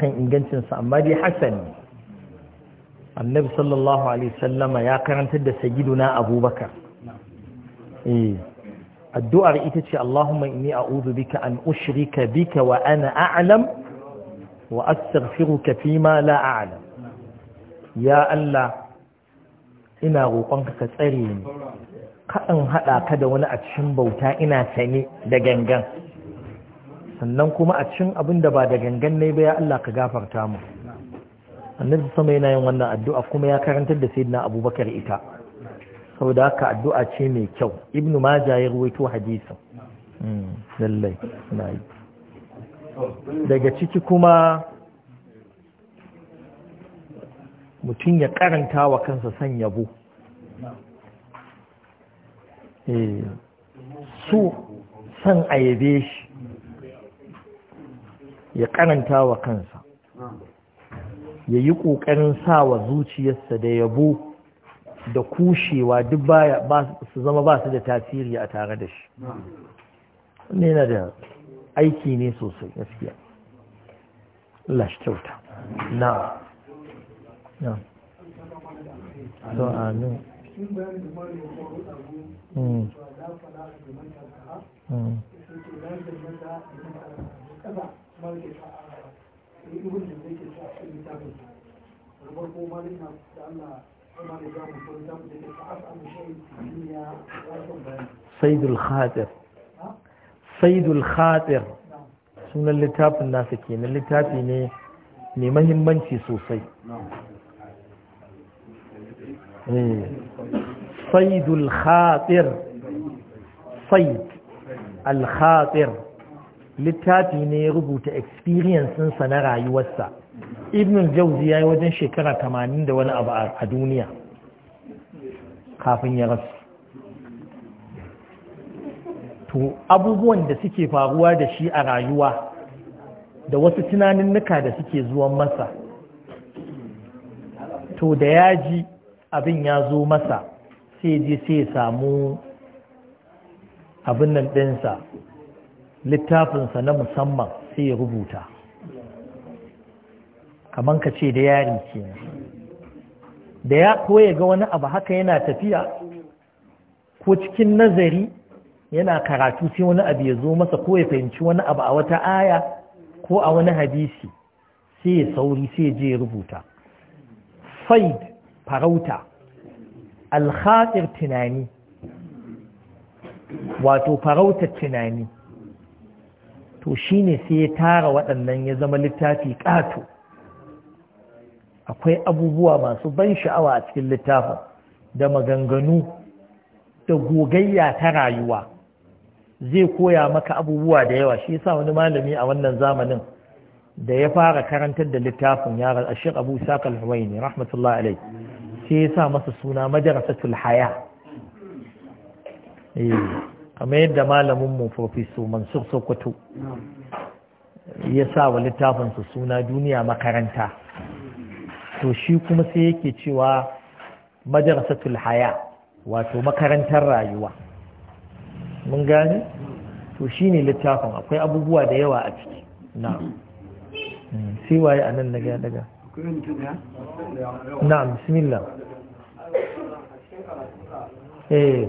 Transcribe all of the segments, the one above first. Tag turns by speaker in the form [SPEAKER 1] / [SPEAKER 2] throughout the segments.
[SPEAKER 1] kan ingancinsa amma dai hassan annabi sallallahu alaihi sallama ya karantar da sayyiduna abubakar eh addu'ar ita ce Allahumma inni a'udhu bika an ushrika bika wa ana a'lam wa astaghfiruka fima la a'lam ya Allah ina roƙonka ka tsare ni kaɗan haɗa ka da wani a cikin bauta ina sane da gangan sannan kuma a cikin abin da ba da gangan ne ba ya Allah ka gafarta mu annabi sama yana yin wannan addu'a kuma ya karantar da sayyidina abubakar ita saboda haka addu'a ce mai kyau ibnu majah ya ruwaito hadisin hmm, lallai daga ciki kuma mutum ya karanta wa kansa son yabo eh, su san a shi ya karanta wa kansa ya yi ƙoƙarin sa wa zuciyarsa da yabo da kushewa duk baya su zama ba su da tasiri a tare da shi ne yana da aiki ne sosai gaskiya Allah kyauta na na so amin Mm. malik da sa sa rubar ko na da Allah kuma da ko da da duniya ya saidul khatir saidul khatir sunan littafin nasa kenan littafi ne mai mahimmanci sosai eh. saidul khatir said al khatir littafi ne ya rubuta experience na rayuwarsa ibn jauzi ya yi wajen shekara tamanin da wani abu a duniya kafin ya rasu to abubuwan da suke faruwa da shi a rayuwa da wasu tunaninnika da suke zuwan masa to da ya ji abin ya zo masa sai je sai ya samu abin nan ɗinsa littafinsa na musamman sai ya rubuta kamar ka ce da yari ce da ya koya ga wani abu haka yana tafiya ko cikin nazari yana karatu sai wani abu ya zo masa ko ya fahimci wani abu a wata aya ko a wani hadisi sai ya sauri sai je ya rubuta faid farauta alhaƙir tunani wato farautar tunani to shi ne sai ya tara waɗannan ya zama littafi ƙato akwai abubuwa masu ban sha'awa a cikin littafin da maganganu da gogayya ta rayuwa zai koya maka abubuwa da yawa shi yasa wani malami a wannan zamanin da ya fara karantar da littafin ya yaran ashir abu saka al-huwaini rahmatullahi alai sai ya sa masa suna madarasatul haya eh. kamar yadda malamin mu Fofiso Mansur Sokoto ya sa wa littafin su suna duniya makaranta to shi kuma sai yake cewa madrasatul haya wato makarantar rayuwa mun gane to shine littafin akwai abubuwa da yawa a ciki na'am hmm, sai waye anan daga daga na'am bismillah eh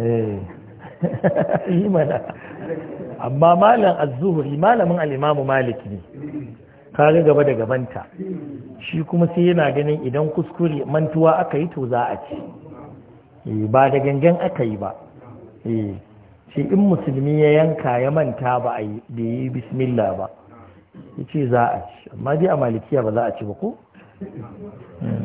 [SPEAKER 1] Eh. yi mana amma malam az malamin al maliki ne kare gaba da gabanta shi kuma sai yana ganin idan kuskure mantuwa aka yi to za a ci eh, ba da gangan aka yi ba eh, shi in musulmi ya yanka ya manta ba da yi bismillah ba ya ce za a ci amma dai a malikiya ba za a ci ba ko hmm.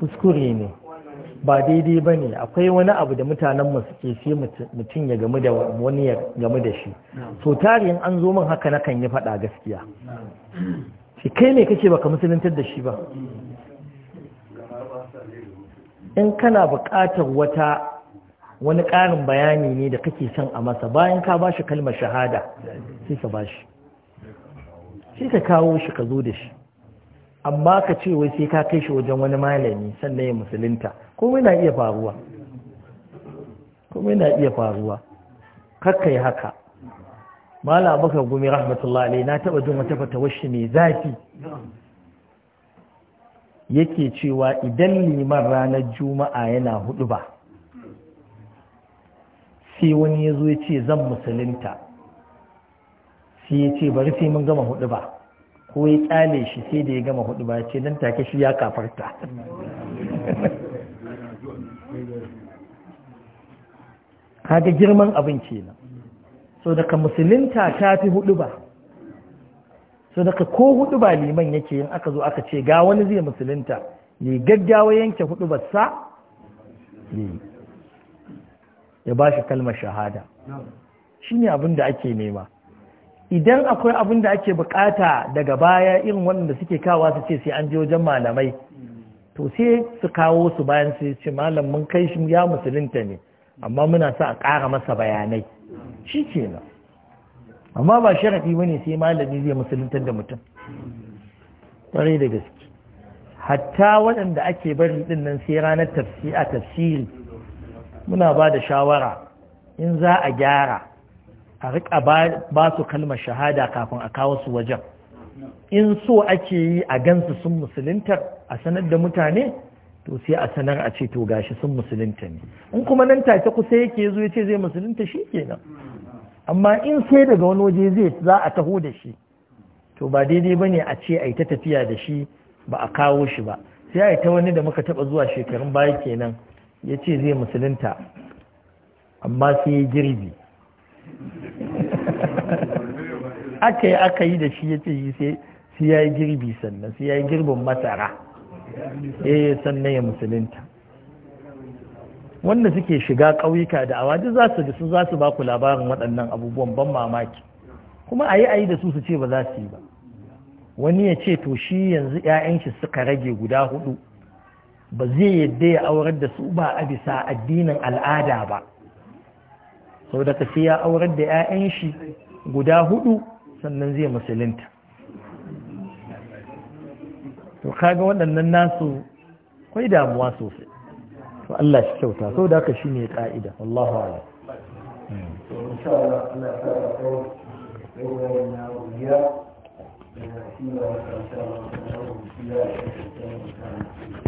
[SPEAKER 1] kuskure ne ba daidai ba ne akwai wani abu da mutanenmu suke sai mutum ya gamu da wani ya gamu da shi so tarihin an zo min haka nakan yi faɗa gaskiya shi kai ne kake baka musuluntar da shi ba in kana buƙatar wata wani ƙarin bayani ne da kake son a masa bayan ka ba shi kalmar shahada sai ka ba shi sai ka kawo shi ka zo da shi amma ka ce wai sai ka kai shi wajen wani malami sannan ya musulunta komai na iya faruwa komai na iya faruwa kakkai haka mala baka gumi rahmatullahi alai na taba jin wata washi mai zafi yake cewa idan liman ranar juma'a yana hudu ba sai wani ya zo ya ce zan musulunta sai ya ce bari sai mun gama hudu ba ko ya tsale shi sai da ya gama hudu ba ce nan take shi ya kafarta kaga girman abin kenan so daga musulunta ta fi hudu ba so daga ko hudu ba liman yake yin aka zo aka ce ga wani zai musulunta ne gaggawa yanke hudu ba sa ya ba shi kalmar shahada shi ne abin da ake nema idan akwai abin da ake bukata daga baya irin wanda suke kawa su ce sai an je wajen malamai to sai su kawo su bayan su ce malam mun kai shi ya musulunta ne amma muna sa a ƙara masa bayanai shi ke nan amma ba sharaɗi bane sai malami zai musuluntar da mutum ƙwarai da gaske hatta waɗanda ake bari ɗin nan sai ranar tafsiri tafsiri muna ba da shawara in za a gyara a riƙa ba su kalmar shahada kafin a kawo su wajen in so ake yi a gansu sun musuluntar a sanar da mutane to sai a sanar a ce to gashi sun musulunta ne in kuma nan take kusa yake zo yace zai musulunta shi kenan amma in sai daga wani waje zai za a taho da shi to ba daidai bane a ce ai ta tafiya da shi ba a kawo shi ba sai ai ta wani da muka taba zuwa shekarun baya kenan yace zai musulunta amma sai girbi aka yi aka yi da shi ya ce sai ya yi girbi sannan sai ya yi girbin masara ya eh, yi sannan ya musulunta wanda suke shiga ƙauyuka da awaji za su su za su ba ku labarin waɗannan abubuwan ban mamaki kuma a yi a yi da su su ce ba za su yi ba wani ya ce to shi yanzu 'ya'yan shi suka rage guda hudu ba zai yadda ya aurar da su ba a bisa addinin al'ada ba sau da sai ya aurar da 'ya'yan shi guda hudu sannan zai musulunta to kaga waɗannan nasu kwai damuwa sosai to Allah shi kyauta sau da haka shi ne ƙa'ida wallahu ala Yeah.